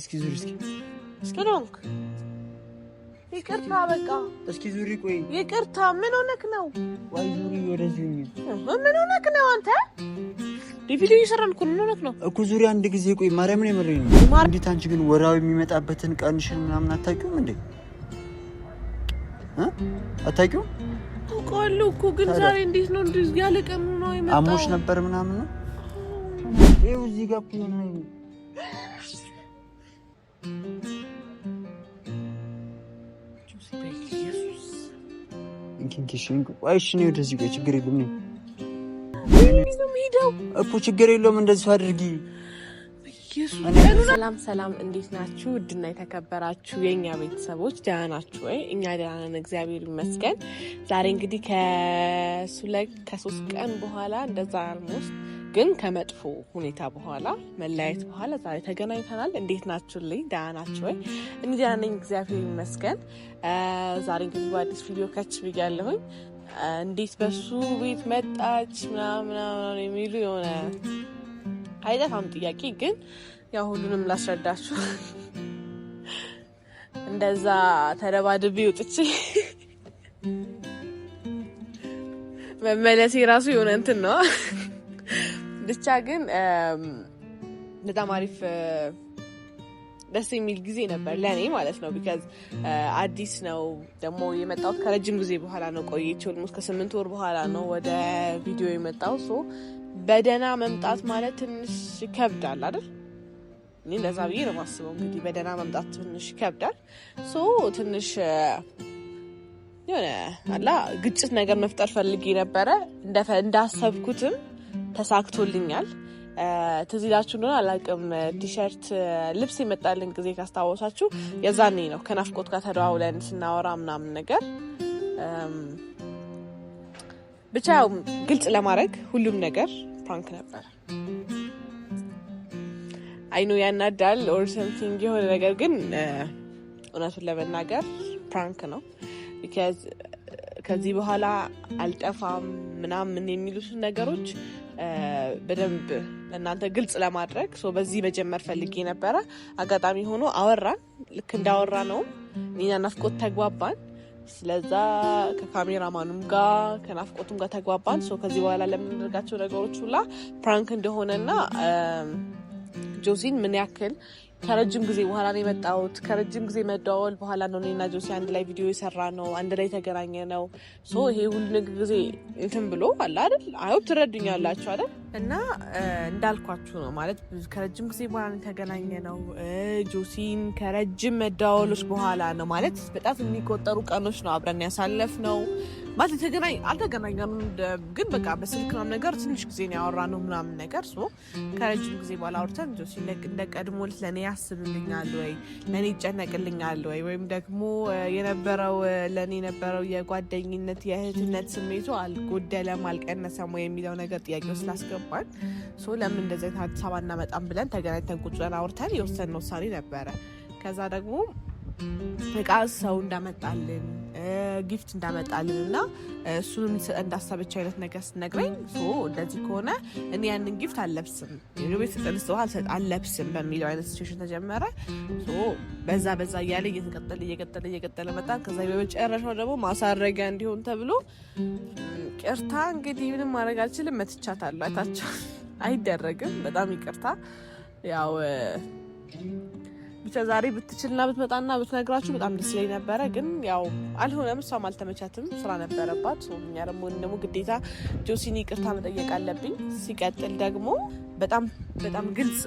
እስኪ ዙሪ እስኪ እስኪ ዶንክ ይቅርታ፣ በቃ እስኪ ዙሪ። ቆይ ይቅርታ፣ ምን ሆነክ ነው? ቆይ ዙሪ፣ ወደዚህ ምን ሆነክ ነው አንተ? ቪዲዮ እየሰራን እኮ ምን ሆነክ ነው እኮ? ዙሪ አንድ ጊዜ ቆይ፣ ማርያምን የምሬን ነው። እንዴት አንቺ ግን ወራው የሚመጣበትን ቀንሽን ምናምን አታውቂውም እንዴ? አታውቂውም? አውቀዋለሁ እኮ ግን ዛሬ እንዴት ነው እንደዚህ ያለ ቀኑ ነው የመጣው? አሞሽ ነበር ምናምን ነው ይኸው እዚህ ጋር እኮ ነው ወደዚህ ጋር ችግር የለም እኮ ችግር የለውም። እንደዚህ አድርጊ። ሰላም ሰላም፣ እንዴት ናችሁ? ውድና የተከበራችሁ የእኛ ቤተሰቦች ደህና ናችሁ ወይ? እኛ ደህና ነን፣ እግዚአብሔር ይመስገን። ዛሬ እንግዲህ ከሶስት ቀን በኋላ እንደዛ ግን ከመጥፎ ሁኔታ በኋላ መለያየት በኋላ ዛሬ ተገናኝተናል። እንዴት ናችሁልኝ? ደህና ናችሁ ወይ? እኔ ደህና ነኝ እግዚአብሔር ይመስገን። ዛሬ እንግዲህ በአዲስ ቪዲዮ ከች ብያለሁኝ። እንዴት በሱ ቤት መጣች ምናምን የሚሉ የሆነ አይጠፋም ጥያቄ ግን ያው ሁሉንም ላስረዳችሁ። እንደዛ ተደባድቤ ወጥቼ መመለሴ ራሱ የሆነ እንትን ነው ብቻ ግን በጣም አሪፍ ደስ የሚል ጊዜ ነበር ለእኔ ማለት ነው። ቢካዝ አዲስ ነው ደግሞ የመጣሁት ከረጅም ጊዜ በኋላ ነው። ቆየች ኦልሞስት ከስምንት ወር በኋላ ነው ወደ ቪዲዮ የመጣው። ሶ በደህና መምጣት ማለት ትንሽ ይከብዳል አይደል? እኔ እንደዛ ብዬ ነው የማስበው። እንግዲህ በደህና መምጣት ትንሽ ይከብዳል። ሶ ትንሽ የሆነ አላ ግጭት ነገር መፍጠር ፈልጌ ነበረ እንዳሰብኩትም ተሳክቶልኛል። ትዝ ይላችሁ እንደሆነ አላቅም፣ ቲሸርት ልብስ የመጣልን ጊዜ ካስታወሳችሁ የዛኔ ነው ከናፍቆት ጋር ተደዋውለን ስናወራ ምናምን ነገር ብቻ ግልጽ ለማድረግ ሁሉም ነገር ፕራንክ ነበር። አይኖ ያናዳል ኦር ሰምቲንግ የሆነ ነገር ግን እውነቱን ለመናገር ፕራንክ ነው። ከዚህ በኋላ አልጠፋም ምናምን የሚሉትን ነገሮች በደንብ ለእናንተ ግልጽ ለማድረግ በዚህ መጀመር ፈልጌ ነበረ። አጋጣሚ ሆኖ አወራን። ልክ እንዳወራ ነው እኛ ናፍቆት ተግባባን። ስለዛ ከካሜራማኑም ጋር ከናፍቆቱም ጋር ተግባባን። ከዚህ በኋላ ለምናደርጋቸው ነገሮች ሁላ ፕራንክ እንደሆነና ጆሲን ምን ያክል ከረጅም ጊዜ በኋላ ነው የመጣሁት። ከረጅም ጊዜ መደዋወል በኋላ ነው እኔና ጆሲ አንድ ላይ ቪዲዮ የሰራ ነው፣ አንድ ላይ የተገናኘ ነው። ይሄ ሁሉ ጊዜ እንትን ብሎ አለ አይደል? አይ ትረዱኛላችሁ አይደል? እና እንዳልኳችሁ ነው ማለት ከረጅም ጊዜ በኋላ ነው የተገናኘ ነው። ጆሲን ከረጅም መደዋወሎች በኋላ ነው ማለት በጣም የሚቆጠሩ ቀኖች ነው አብረን ያሳለፍ ነው ማለት ተገናኝ አልተገናኘንም፣ ግን በቃ በስልክ ምናምን ነገር ትንሽ ጊዜ ነው ያወራነው ምናምን ነገር ሶ ከረጅም ጊዜ በኋላ አውርተን እንደ ቀድሞ ለእኔ ያስብልኛል ወይ ለእኔ ይጨነቅልኛል ወይ ወይም ደግሞ የነበረው ለእኔ የነበረው የጓደኝነት የእህትነት ስሜቱ አልጎደለም አልቀነሰም ወይ የሚለው ነገር ጥያቄው ስላስገባን ሶ ለምን እንደዚህ አዲስ አበባ እናመጣም ብለን ተገናኝተን ቁጭ ብለን አውርተን የወሰንነው ውሳኔ ነበረ። ከዛ ደግሞ እቃ ሰው እንዳመጣልን ጊፍት እንዳመጣልን እና እሱን የሚሰጠን አይነት ነገር ስነግረኝ እንደዚህ ከሆነ እኔ ያንን ጊፍት አለብስም ቤት ስጠንስ አለብስም በሚለው አይነት ሲቹዌሽን ተጀመረ። በዛ በዛ እያለ እየተቀጠለ እየቀጠለ እየቀጠለ መጣ። ከዛ በመጨረሻው ደግሞ ማሳረጊያ እንዲሆን ተብሎ ቅርታ እንግዲህ ምንም ማድረግ አልችልም። መትቻታለሁ። አይታቸው አይደረግም። በጣም ይቅርታ ያው ብቻ ዛሬ ብትችልና ብትመጣና ብትነግራችሁ በጣም ደስ ይለኝ ነበረ፣ ግን ያው አልሆነም። እሷም አልተመቻትም፣ ስራ ነበረባት። እኛ ደግሞ ደግሞ ግዴታ ጆሲን ይቅርታ መጠየቅ አለብኝ። ሲቀጥል ደግሞ በጣም በጣም ግልጽ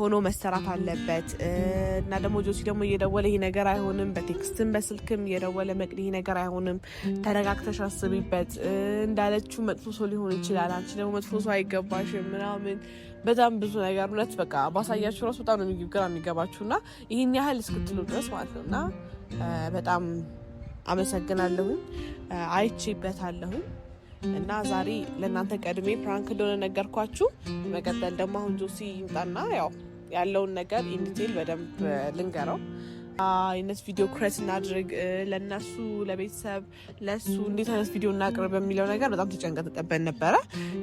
ሆኖ መሰራት አለበት እና ደግሞ ጆሲ ደግሞ እየደወለ ይሄ ነገር አይሆንም፣ በቴክስትም በስልክም እየደወለ መቅድ ይሄ ነገር አይሆንም፣ ተረጋግተሽ አስቢበት እንዳለችው መጥፎ ሰው ሊሆን ይችላል፣ አንቺ ደግሞ መጥፎ ሰው አይገባሽም ምናምን በጣም ብዙ ነገር እውነት በቃ ባሳያችሁ ራሱ በጣም ነው ግራ የሚገባችሁ እና ይህን ያህል እስክትሉ ድረስ ማለት ነው እና በጣም አመሰግናለሁኝ አይቼበታለሁኝ እና ዛሬ ለእናንተ ቀድሜ ፕራንክ እንደሆነ ነገርኳችሁ። መቀጠል ደግሞ አሁን ጆሲ ይምጣና ያው ያለውን ነገር ኢንዲቴል በደንብ uh, ልንገረው። አይነት ቪዲዮ ክሬት እናድርግ፣ uh, ለእነሱ ለቤተሰብ ለእሱ እንዴት አይነት ቪዲዮ እናቅርብ የሚለው ነገር በጣም ተጨንቀን ተጠበን ነበረ።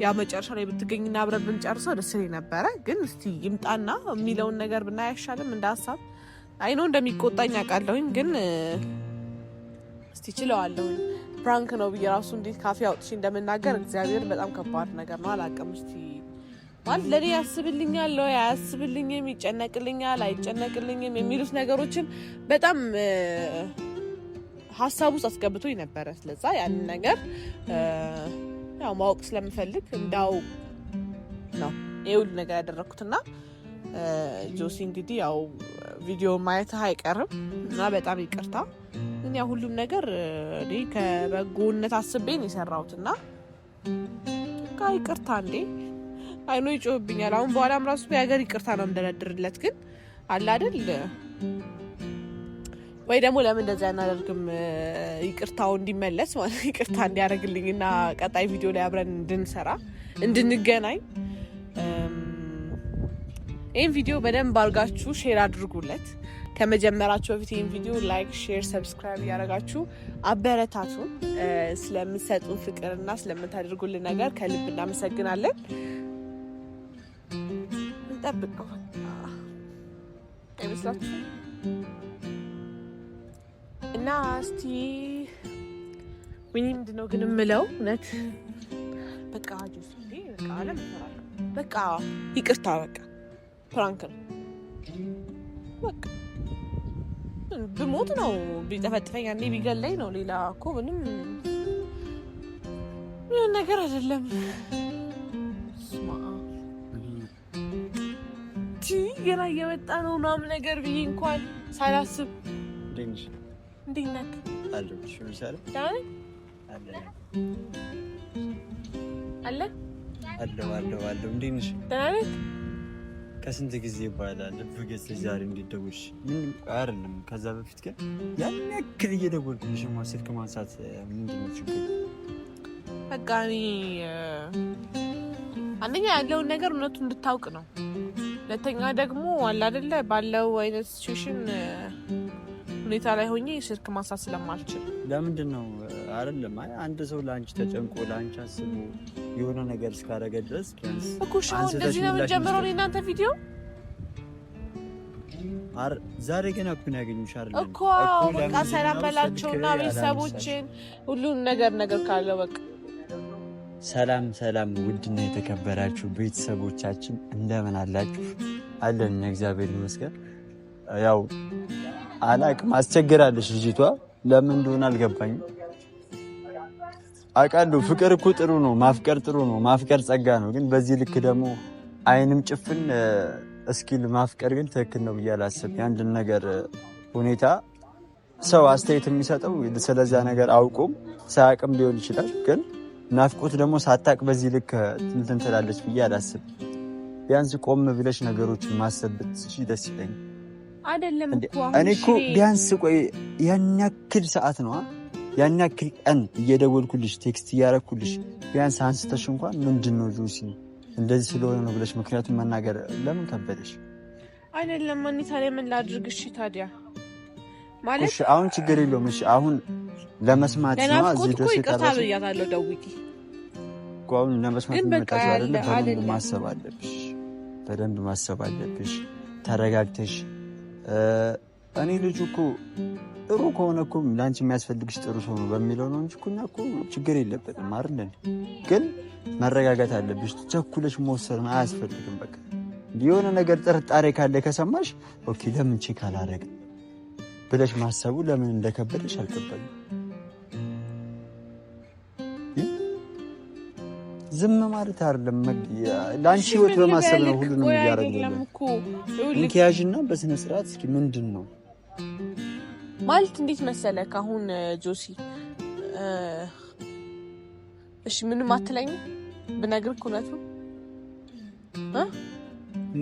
ያ መጨረሻ ላይ ብትገኝና አብረን ብንጨርሰው ደስ ይለኝ ነበረ፣ ግን እስቲ ይምጣና የሚለውን ነገር ብናይ አይሻልም? እንደ ሀሳብ አይኖ እንደሚቆጣኝ አውቃለሁኝ፣ ግን uh, እስቲ ችለዋለሁኝ። ፕራንክ ነው ብዬ ራሱ እንዴት ካፌ አውጥቼ እንደምናገር እግዚአብሔር በጣም ከባድ ነገር ነው። አላውቅም እስቲ ማለት ለእኔ ያስብልኛል ለ አያስብልኝም፣ ይጨነቅልኛል አይጨነቅልኝም የሚሉት ነገሮችን በጣም ሀሳብ ውስጥ አስገብቶ ነበረ። ስለዛ ያንን ነገር ያው ማወቅ ስለምፈልግ እንዳው ነው ይህ ሁሉ ነገር ያደረግኩትና ጆሲ እንግዲህ ያው ቪዲዮ ማየት አይቀርም እና በጣም ይቅርታ። ግን ያው ሁሉም ነገር እኔ ከበጎነት አስቤን የሰራሁትና ይቅርታ እንዴ አይኖ ይጮህብኛል። አሁን በኋላም ራሱ የሀገር ይቅርታ ነው እንደረድርለት ግን አለ አይደል ወይ ደግሞ ለምን እንደዚያ አናደርግም? ይቅርታው እንዲመለስ ማለት ይቅርታ እንዲያደርግልኝ እና ቀጣይ ቪዲዮ ላይ አብረን እንድንሰራ እንድንገናኝ። ይህን ቪዲዮ በደንብ አድርጋችሁ ሼር አድርጉለት። ከመጀመራችሁ በፊት ይህን ቪዲዮ ላይክ፣ ሼር፣ ሰብስክራይብ እያደረጋችሁ አበረታቱን። ስለምትሰጡን ፍቅርና ስለምታደርጉልን ነገር ከልብ እናመሰግናለን። ጠብቅ ነው አይመስላችሁ? እና እስቲ ምን ምንድን ነው ግን የምለው እውነት በቃ ጆስ በቃ አለም በቃ ይቅርታ በቃ ፕራንክ ነው በቃ ብሞት ነው ቢጠፈጥፈኝ አንዴ ቢገለኝ ነው ሌላ እኮ ምንም ነገር አይደለም። ገና እየመጣ ነው ምናምን ነገር ብዬ እንኳን ሳላስብ እንዴት ነህ? አለ አለ አለ አለ እንዴት ነሽ? ደህና ነሽ? ከስንት ጊዜ በኋላ ልብ ገጽ ዛሬ እንዲደውሽ ምን አይደለም። ከዛ በፊት ግን ያን ያክል እየደወልኩልሽ ስልክ ማንሳት ምንድን ነው ችግሩ? በቃ እኔ አንደኛ ያለውን ነገር እውነቱ እንድታውቅ ነው ሁለተኛ ደግሞ አለ አይደለ ባለው አይነት ሲቹዌሽን ሁኔታ ላይ ሆኜ ስልክ ማንሳት ስለማልችል ለምንድን ነው አይደለም። አይ አንድ ሰው ለአንቺ ተጨንቆ ለአንቺ አስቦ የሆነ ነገር እስካደረገ ድረስ ቢያንስ እንደዚህ ነው የምንጀምረው እኔ እናንተ ቪዲዮ ዛሬ ገና እኮ ነው ያገኙሽ አይደል? እኮ በቃ ሰላም በላቸውና ቤተሰቦችን ሁሉን ነገር ነገር ካለው በቃ ሰላም ሰላም፣ ውድና የተከበራችሁ ቤተሰቦቻችን እንደምን አላችሁ? አለን እግዚአብሔር ይመስገን። ያው አላቅም፣ አስቸግራለች ልጅቷ። ለምን እንደሆነ አልገባኝም። አውቃለሁ ፍቅር እኮ ጥሩ ነው፣ ማፍቀር ጥሩ ነው፣ ማፍቀር ጸጋ ነው። ግን በዚህ ልክ ደግሞ አይንም ጭፍን እስኪል ማፍቀር ግን ትክክል ነው ብዬ አላስብም። የአንድን ነገር ሁኔታ ሰው አስተያየት የሚሰጠው ስለዚያ ነገር አውቁም ሳያውቅም ሊሆን ይችላል ግን ናፍቆት ደግሞ ሳታቅ በዚህ ልክ እንትን ትላለች ብዬ አላስብ። ቢያንስ ቆም ብለሽ ነገሮችን ማሰብ ብትችይ ደስ ይለኝ። እኔ እኮ ቢያንስ ቆይ ያን ያክል ሰዓት ነዋ ያን ያክል ቀን እየደወልኩልሽ ቴክስት እያረኩልሽ ቢያንስ አንስተሽ እንኳን ምንድን ነው ሉሲ እንደዚህ ስለሆነ ነው ብለሽ ምክንያቱም መናገር ለምን ከበደሽ? አይደለም እኔ ታዲያ ምን ላድርግሽ ታዲያ ማለት አሁን ችግር የለውም። እሺ አሁን ለመስማት ነው። እዚህ ድረስ የቀረሽ ብያታለሁ ደውዬ እኮ ለመስማት የሚመጣሽ አይደለ። በደንብ ማሰብ አለብሽ፣ በደንብ ማሰብ አለብሽ ተረጋግተሽ። እኔ ልጁ እኮ ጥሩ ከሆነ እኮ ለአንቺ የሚያስፈልግሽ ጥሩ ሰው ነው በሚለው ነው እንጂ እኛ እኮ ችግር የለበትም አይደል? ግን መረጋጋት አለብሽ። ቸኩለሽ መወሰን አያስፈልግም። በቃ የሆነ ነገር ጥርጣሬ ካለ ከሰማሽ ኦኬ፣ ለምን ቼክ አላረግም ብለሽ ማሰቡ ለምን እንደከበደሽ አልገባኝም። ዝም ማለት አይደለም። ለአንቺ ህይወት በማሰብ ነው ሁሉንም እያደረግን እንኪያዥና በስነ ስርዓት እስኪ ምንድን ነው ማለት እንዴት መሰለ ከአሁን ጆሲ እሺ ምንም አትለኝ ብነግርህ እውነቱ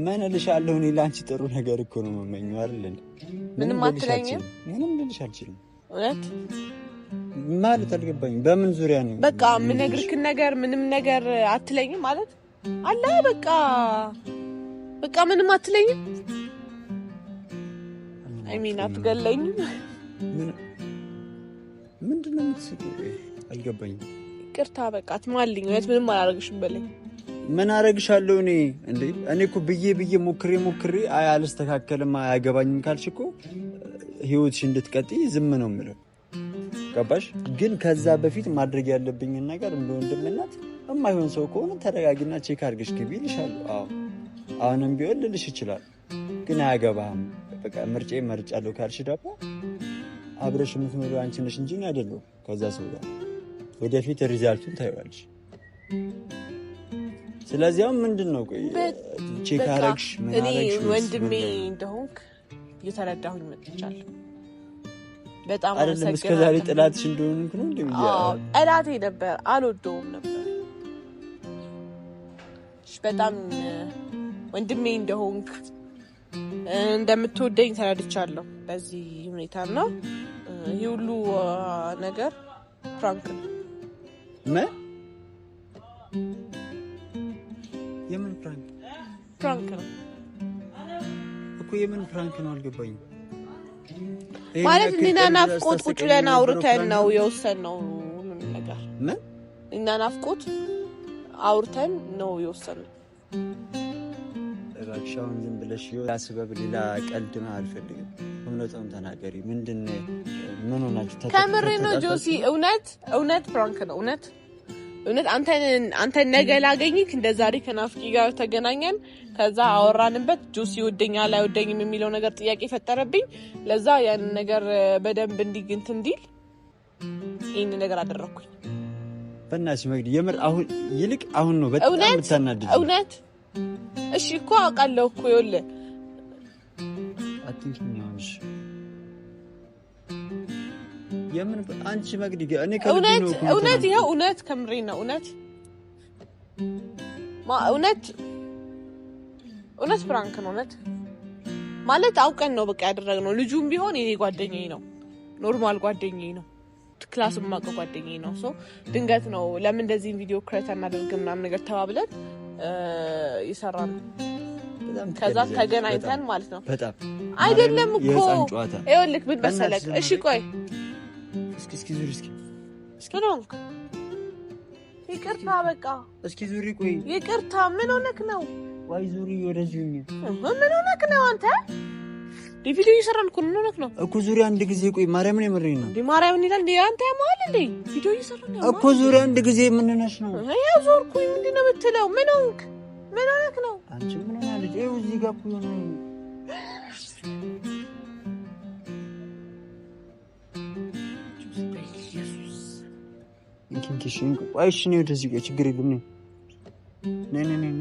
ምን እልሻለሁ? እኔ ለአንቺ ጥሩ ነገር እኮ ነው የምመኘው አይደል? ምንም አትለኝም? ምንም ልልሽ አልችልም። እውነት ማለት አልገባኝም። በምን ዙሪያ ነው በቃ የምነግርክን ነገር? ምንም ነገር አትለኝም ማለት አለ። በቃ በቃ ምንም አትለኝም። አይሚን አትገለኝም። ምንድን ነው የምትስቂው? አልገባኝም። ይቅርታ በቃ አትማልኝ። እውነት ምንም አላደርግሽም በለኝ ምን አረግሻለሁ እኔ እንዴ? እኔ እኮ ብዬ ብዬ ሞክሬ ሞክሬ አይ አልስተካከልም አያገባኝም ካልሽ እኮ ህይወትሽ እንድትቀጥይ ዝም ነው የምለው። ገባሽ? ግን ከዛ በፊት ማድረግ ያለብኝን ነገር እንደ ወንድምናት የማይሆን ሰው ከሆነ ተረጋጊና ቼክ አድርገሽ ግቢ ይልሻሉ። አዎ አሁንም ቢሆን ልልሽ ይችላል። ግን አያገባህም በቃ ምርጬ መርጫለሁ ካልሽ ደግሞ አብረሽ የምትኖሪው አንቺ ነሽ እንጂ አይደለሁም። ከዛ ሰው ጋር ወደፊት ሪዛልቱን ታይዋለሽ። ስለዚያም ምንድን ነው ቆይ ቼክ አረግሽ እኔ ወንድሜ እንደሆንክ እየተረዳሁኝ መጥቻለሁ። በጣም አይደለም እስከ ዛሬ ጥላትሽ እንደሆንክ ነው እንደ ጠላቴ ነበር፣ አልወደውም ነበር። በጣም ወንድሜ እንደሆንክ እንደምትወደኝ ተረድቻለሁ በዚህ ሁኔታ እና ይህ ሁሉ ነገር ፍራንክ ነው የምን ፕራንክ ፕራንክ ነው እኮ የምን ፕራንክ ነው አልገባኝም። ማለት እኔና ናፍቆት ቁጭ ብለን አውርተን ነው የወሰንነው ሁሉንም ነገር። ምን እኔና ናፍቆት አውርተን ነው የወሰንነው። እባክሽ አሁን ዝም ብለሽ ሌላ ስበብ፣ ሌላ ቀልድ አልፈልግም። እውነቱን ተናገሪ። ምንድን ምን ሆናችሁ? ከምሬ ነው ጆሲ። እውነት እውነት ፕራንክ ነው እውነት እውነት አንተን ነገ ላገኝክ እንደ ዛሬ ከናፍቂ ጋር ተገናኘን። ከዛ አወራንበት ጁስ ይወደኛል አይወደኝም የሚለው ነገር ጥያቄ ፈጠረብኝ። ለዛ ያን ነገር በደንብ እንዲግንት እንዲል ይህን ነገር አደረግኩኝ። በእናትሽ መግድ የምር አሁን ይልቅ አሁን ነው በጣም የምታናድጅ። እውነት እሺ እኮ አውቃለሁ እኮ ይኸውልህ የምን አንቺ መግዲ እኔ እውነት ይኸው እውነት ከምሬ ነው። እውነት እውነት እውነት ፍራንክ ነው። እውነት ማለት አውቀን ነው በቃ ያደረግነው። ልጁም ቢሆን የኔ ጓደኛዬ ነው፣ ኖርማል ጓደኛዬ ነው፣ ክላስ የማውቀው ጓደኛዬ ነው። ሶ ድንገት ነው ለምን እንደዚህ ቪዲዮ ክሬት እናደርግ ምናምን ነገር ተባብለን ይሰራል። ከዛ ተገናኝተን ማለት ነው። አይደለም እኮ ይኸውልህ ምን መሰለህ፣ እሺ ቆይ እስኪ እስኪ ዙሪ እስኪ እስኪ ይቅርታ፣ በቃ እስኪ ዙሪ። ቆይ ይቅርታ። ምን ሆነክ ነው? ዋይ ዙሪ፣ ወደዚህ ምን ሆነክ ነው አንተ? ቪዲዮ እየሰራን እኮ ምን ሆነክ ነው እኮ? ዙሪ አንድ ጊዜ ቆይ፣ ማርያምን የምሬን ነው። ማርያምን ይላል እንዴ? አንተ ያማል እንዴ? ቪዲዮ እየሰራን እኮ ዙሪ አንድ ጊዜ። ምን ሆነሽ ነው? ያው ዞርኩኝ። ምንድን ነው የምትለው? ምን ሆንክ? ምን ሆነክ ነው? አንቺ ምን ሆናለች? ይኸው እዚህ ጋር እኮ የሆነ እሺ እኔ ወደዚህ ቆይ፣ ችግር የለም። ነይ ነይ ነይ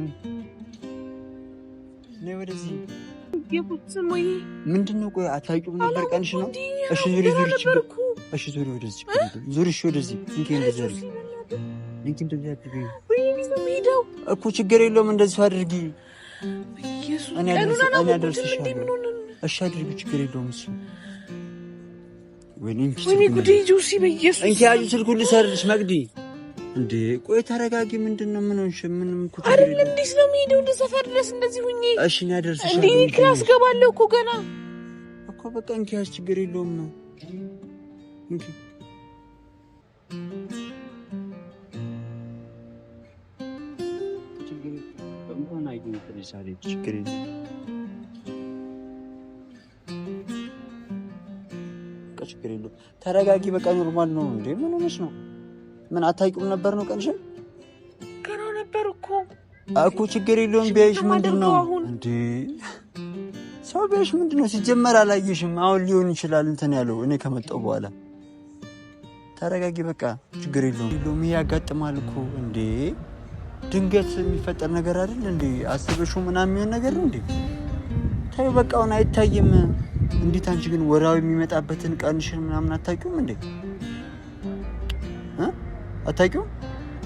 ነይ ወደዚህ። ምንድን ነው ቆይ፣ አታውቂውም ነበር ቀንሽ ነው። እሺ ዙሪ ዙሪ፣ እሺ ዙሪ ወደዚህ ዙሪ፣ እሺ ወደዚህ እኮ ችግር የለውም። እንደዚህ አድርጊ፣ እኔ አደርስሻለሁ። እሺ አድርጊ፣ ችግር የለውም እሱ ወይኔ ጉዴ ጆሲ፣ በኢየሱስ እንኪ ያዩ ስልኩን ልሰርልሽ። መቅዲ እንዴ ቆይ ተረጋጊ። ምንድን ነው ምን ሆንሽ? ምንም ኩት አይደል። እንዴት ነው የምሄደው ወደ ሰፈር ድረስ እንደዚህ ሁኜ? እሺ እኔ አደርስሽ። እንዴ ክላስ ገባለሁ እኮ ገና እኮ። በቃ እንኪ ያዝ፣ ችግር የለውም ነው እንኪ ችግር በቃ ችግር የለውም ተረጋጊ፣ በቃ ኖርማል ነው። እንዴ ምን ሆነሽ ነው? ምን አታውቂውም ነበር ነው? ቀንሽ ገና ነበር እኮ እኮ ችግር የለውም። ቢያይሽ ምንድን ነው እንዴ ሰው ቢያይሽ ምንድን ነው? ሲጀመር አላየሽም። አሁን ሊሆን ይችላል እንትን ያለው እኔ ከመጣሁ በኋላ ተረጋጊ፣ በቃ ችግር የለውም። ይሄ ያጋጥማል እኮ እንዴ ድንገት የሚፈጠር ነገር አይደል እንዴ? አስበሽው ምናምን የሚሆን ነገር እንዴ? ተይው በቃ አሁን አይታይም። እንዴት አንቺ ግን ወራው የሚመጣበትን ቀንሽን ምናምን አታውቂውም እንዴ? አታውቂውም?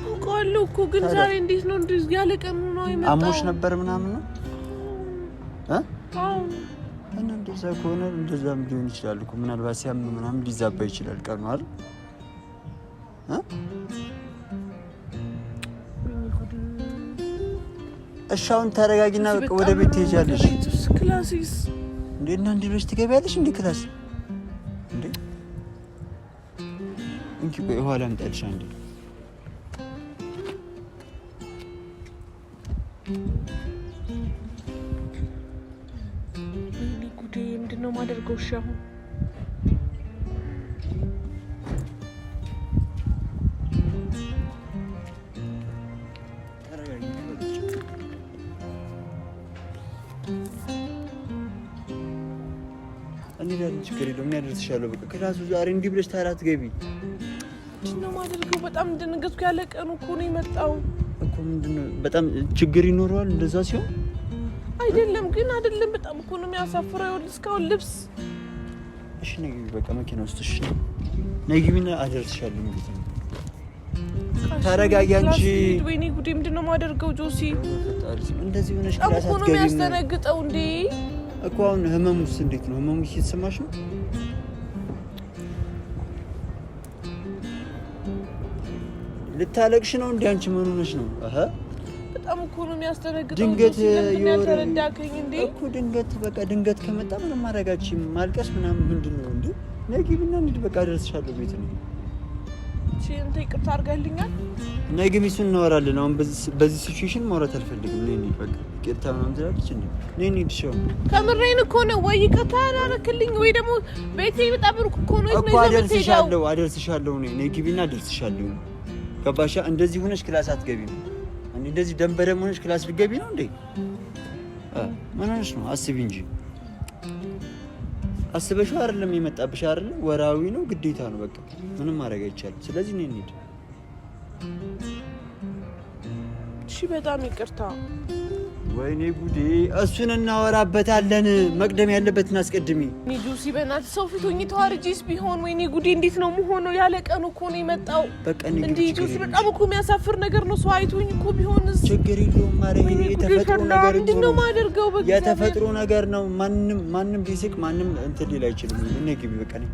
አውቀዋለሁ እኮ ግን ዛሬ እንዴት ነው እንደዚህ ያለ ቀኑ ነው የመጣው? አሞሽ ነበር ምናምን ነው እ እና እንደዛ ከሆነ እንደዛም ሊሆን ይችላል እኮ ምናልባት ሲያም ምናምን ሊዛባ ይችላል ቀኑ አይደል እሺ አሁን ተረጋጊና ወደ ቤት ትሄጃለሽ። ክላሲስ እንዴ እና እንዴ ብለሽ ትገቢያለሽ እንዴ ክላስ እንዴ እንኪ ቆይ ኋላ አምጣልሽ አንዴ ጉዴ ምንድን ነው የማደርገው እሺ አሁን የለውም። እኔ አደርስሻለሁ። በቃ ክላሱ ዛሬ እንዲህ ብለሽ ታራት ገቢ ምንድን ነው የማደርገው? በጣም እንደነገጥኩ ያለ ቀኑ እኮ ነው የመጣው እኮ። ምንድን ነው በጣም ችግር ይኖረዋል እንደዛ ሲሆን አይደለም ግን አይደለም። በጣም እኮ ነው የሚያሳፍረው። ይኸውልህ እስካሁን ልብስ እሺ፣ ነይ ግቢ። በቃ መኪና ውስጥ እሺ፣ ነይ ግቢና አደርስሻለሁ። እንግዲህ ተረጋጊ አንቺ። ወይኔ ጉዴ! ምንድን ነው የማደርገው ጆሲ? እንደዚህ ሆነሽ ክላስ አትገቢም። እኮ ነው የሚያስተነግጠው እንዴ እኮ አሁን ህመሙስ እንዴት ነው? ህመሙስ እየተሰማሽ ነው? ልታለቅሽ ነው? እንዲ አንቺ ምን ሆነሽ ነው? በጣም እኮ ነው የሚያስደነግጠው። ድንገት ያልተረዳከኝ እንዴ እኮ ድንገት በቃ ድንገት ከመጣ ምንም ማድረጋችም ማልቀስ ምናምን ምንድን ነው እንዲ ነጊ ብና እንሂድ በቃ ደርስሻለሁ ቤት ነው ሰዎች እንትን ይቅርታ አድርጋልኛል። ነገ ግን እሱን እናወራለን። አሁን በዚህ ሲቹዌሽን ማውራት አልፈልግም። እኔ እንሂድ ይቅርታ ምናምን ትላለች። እኔ እንሂድ ሲሆን ከምሬን እኮ ነው። ወይ ይቅርታ አላረክልኝ ወይ ደግሞ ቤቴ በጣም ሩቅ እኮ ነው እኮ። አደርስሻለሁ፣ አደርስሻለሁ። እኔ ግቢና አደርስሻለሁ። ገባሻ? እንደዚህ ሆነሽ ክላስ አትገቢ ነው። እንደዚህ ደንበደም ሆነሽ ክላስ ልትገቢ ነው እንዴ? ምን ሆነሽ ነው? አስቢ እንጂ አስበሽው አይደለም የመጣብሽ አይደለ? ወራዊ ነው፣ ግዴታ ነው። በቃ ምንም ማድረግ አይቻልም። ስለዚህ ነው እንሂድ። እሺ፣ በጣም ይቅርታ። ወይኔ ጉዴ! እሱን እናወራበታለን። መቅደም ያለበትን አስቀድሜ ጁሲ፣ በእናትህ ሰው ፊት ሆኜ ተዋርጂስ ቢሆን። ወይኔ ጉዴ! እንዴት ነው መሆኑ? ያለ ቀኑ እኮ ነው የመጣው። በቃ እንዴ ጁሲ፣ በጣም እኮ የሚያሳፍር ነገር ነው። ሰው አይቶኝ እኮ ቢሆንስ? ችግር የለውም። የተፈጥሮ ነገር ምንድን ነው የማደርገው? የተፈጥሮ ነገር ነው። ማንም ማንም ሊስቅ ማንም እንትን ሊል አይችልም። እኔ ግቢ በቃ ነኝ